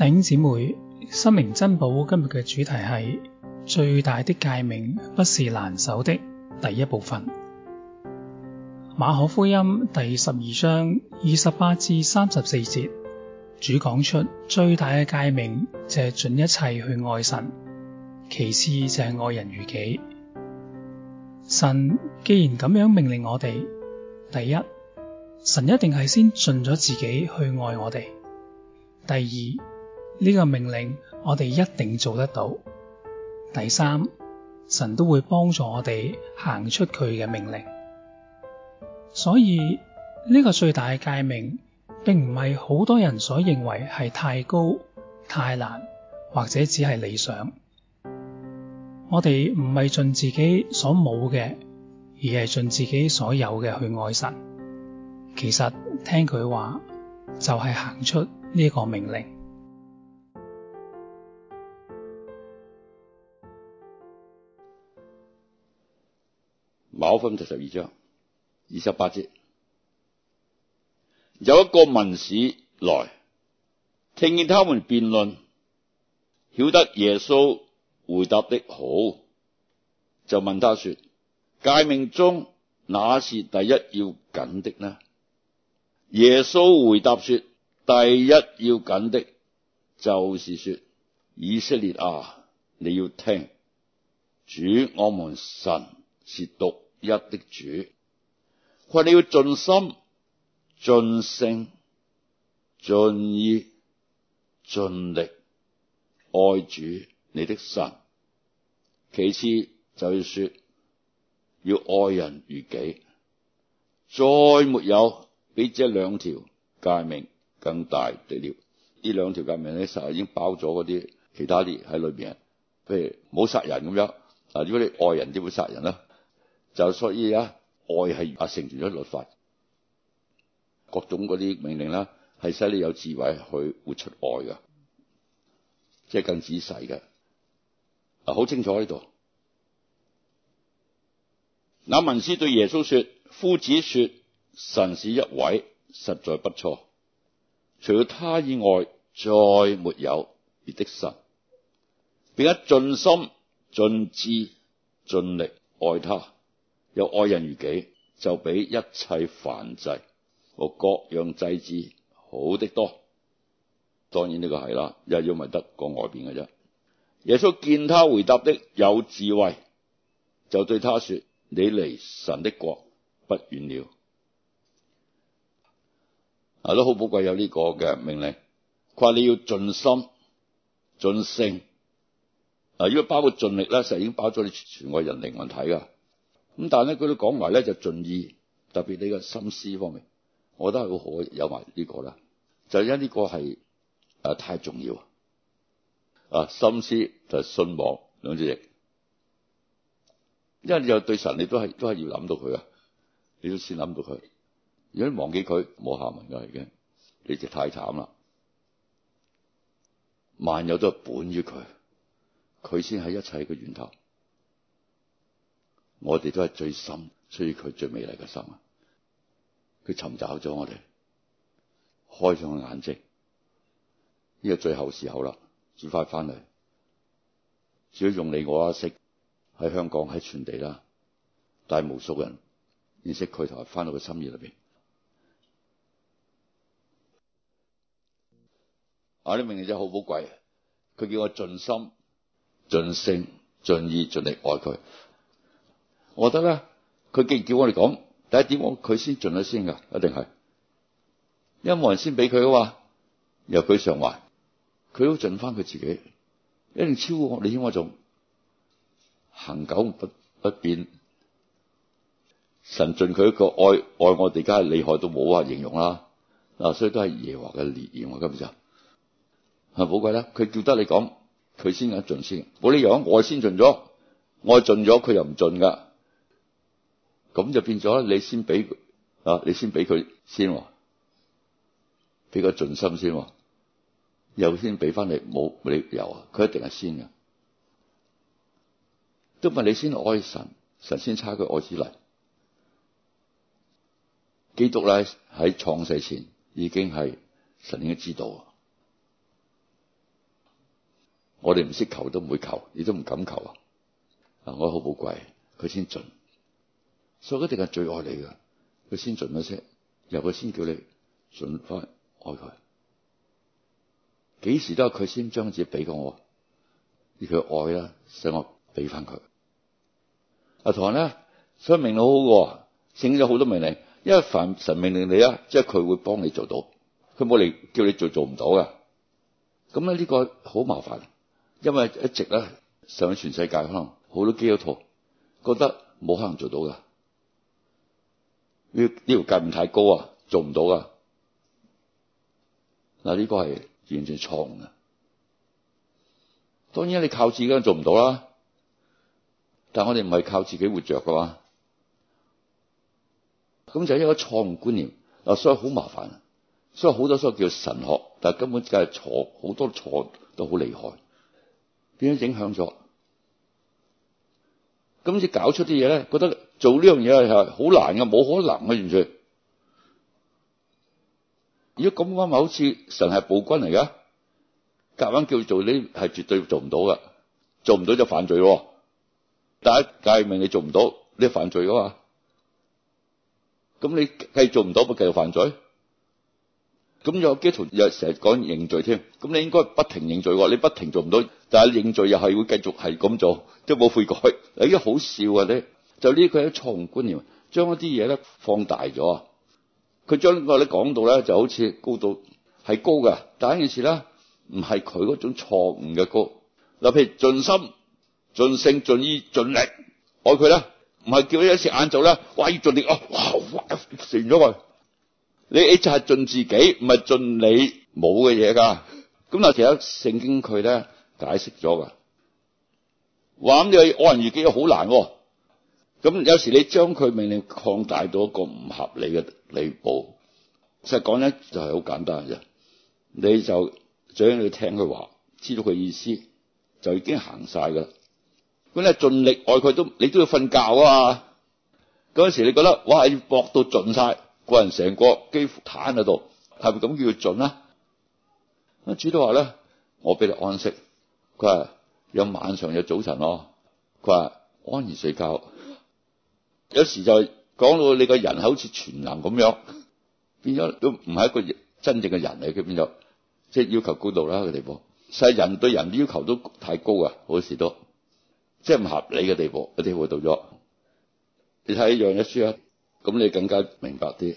弟兄姊妹心靈珍寶今日嘅主題係最大的誡命不是難守的第一部分。馬可福音第十二章二十八至三十四節主講出最大的誡命，就係盡一切去愛神，其次就係愛人如己。神既然咁樣命令我哋，第一神一定係先盡咗自己去愛我哋，第二。呢、個命令我哋一定做得到。第三，神都會幫助我哋行出佢嘅命令。所以呢、個最大嘅誡命，並唔係好多人所認為係太高太難，或者只係理想。我哋唔係盡自己所冇嘅，而係盡自己所有嘅去愛神。其實聽佢話就係行出呢個命令。可福音十二章二十八節，有一個文士來聽見他們辯論，曉得耶穌回答的好，就問他說：誡命中哪是第一要緊的呢？耶穌回答說：第一要緊的，就是說以色列啊，你要聽，主我們神是獨。一的主，佢話你要盡心、盡性、盡意、盡力愛主你的神。其次就要說要愛人如己，再沒有比這兩條誡命更大的了。呢兩條誡命咧，實已經包咗啲其他啲喺裏邊，譬如冇殺人咁樣嗱，如果你愛人，點會殺人咧？就所以啊，愛係啊，成全咗律法，各種嗰啲命令啦、啊，係使你有智慧去活出愛噶，即係更仔細噶啊，好清楚喺度。那文士對耶穌說：夫子說，神是一位，實在不錯，除了他以外再沒有別的神。變咗盡心、盡智、盡力愛他。又愛人如己，就比一切燔祭和各樣祭祀好的多。當然呢個係啦，又要咪得講外邊嘅啫。耶穌見他回答的有智慧，就對他說：你離神的國不遠了。啊，都好寶貴，有呢個嘅命令，佢話你要盡心、盡性。啊，如果包括盡力咧，實已經包咗你全個人靈魂體噶。咁但係咧，佢都講埋咧就盡意，特別你嘅心思方面，我覺得係好可有埋呢個啦。就因呢個係誒、呃、太重要啊，心思就係、信望兩隻翼，因為又對神，你都係都係要諗到佢啊，你都先諗到佢。如果你忘記佢，冇下文噶已經，你就太慘啦。萬有都係本於佢，佢先係一切嘅源頭。我哋都係最深，所以佢最美麗嘅心啊！佢尋找咗我哋，開咗個眼睛，呢個最後時候啦，主快翻嚟，只要用你我阿識喺香港喺全地啦，但係無數人認識佢同翻到佢心意裏邊。我哋命真就好寶貴，佢叫我盡心、盡性、盡意、盡力愛佢。我覺得咧，佢既然叫我哋講第一點，我佢先盡咗先噶，一定係，因為冇人先俾佢嘅話，由佢償還，佢都盡翻佢自己，一定超過你知我仲恆久不不變，神盡佢一個愛愛我哋，梗係厲害到冇話形容啦，所以都係耶和華嘅烈焰啊，今日係寶貴啦，佢叫得你講，佢先肯盡先，冇理由我先盡咗，我盡咗，佢又唔盡噶。咁就變咗，你先俾啊！你先俾佢先、哦，俾個盡心先、哦，又先俾翻你冇理由啊！佢一定係先噶，都問你先愛神，神先差佢愛之嚟。基督咧喺創世前已經係神應該知道，我哋唔識求都唔會求，你都唔敢求啊！我好寶貴，佢先盡。所以他一定係最愛你噶，佢先盡咗先，由佢先叫你盡翻愛佢。幾時都係佢先將自己俾過我，而他愛我他呢個愛啦，使我俾翻佢。阿唐咧，出命好好噶，整咗好多命令，因為凡神命令你啊，即係佢會幫你做到，佢冇嚟叫你做做唔到噶。咁咧呢、這個好麻煩，因為一直咧上全世界可能好多基督徒覺得冇可能做到噶。呢呢條誡唔太高啊，做唔到噶。嗱、這、呢個係完全錯誤嘅。當然啦，你靠自己都做唔到啦。但係我哋唔係靠自己活着噶嘛。咁就係一個錯誤觀念嗱，所以好麻煩。所以好多書叫神學，但係根本就係錯，好多錯都好厲害，點樣影響咗？咁似搞出啲嘢咧，覺得做呢樣嘢係好難㗎，冇可能嘅完全。如果咁啱咪好似神係暴君嚟嘅，夾硬叫做呢係絕對做唔到㗎。做唔到就犯罪喎。但一誡命你做唔到，你犯罪㗎嘛。咁你繼續做唔到，咪繼續犯罪。咁有基督徒又成日講認罪添，咁你應該不停認罪喎，你不停做唔到，但係認罪又係會繼續係咁做，即係冇悔改。家好笑啊！你就呢個係錯誤觀念，將一啲嘢咧放大咗。佢將我哋講到咧就好似高度係高嘅，但係一件事咧唔係佢嗰種錯誤嘅高。嗱，譬如盡心、盡性、盡意、盡力愛佢咧，唔係叫你一時晏晝咧，哇要盡力哦，哇成咗佢。你你就係盡自己，唔係盡你冇嘅嘢噶。咁嗱，其實聖經佢咧解釋咗噶。話咁你愛人如己好難、哦。咁有時你將佢命令擴大到一個唔合理嘅禮步。實際講咧就係、是、好簡單嘅啫。你就只要你聽佢話，知道佢意思，就已經行晒噶。咁你盡力愛佢都，你都要瞓覺啊嘛。嗰陣時你覺得我係要搏到盡晒。個人成個幾乎癱喺度，係咪咁叫盡啦？啊，主都話咧，我俾你安息。佢話有晚上有早晨咯。佢話安然睡覺。有時就講到你個人好似全能咁樣，變咗都唔係一個真正嘅人嚟嘅，變咗即係要求高度啦嘅、那個、地步。世、就是、人對人要求都太高啊，好多時都即係唔合理嘅地步，有啲會到咗。你睇《一樣一書》啊。咁你更加明白啲。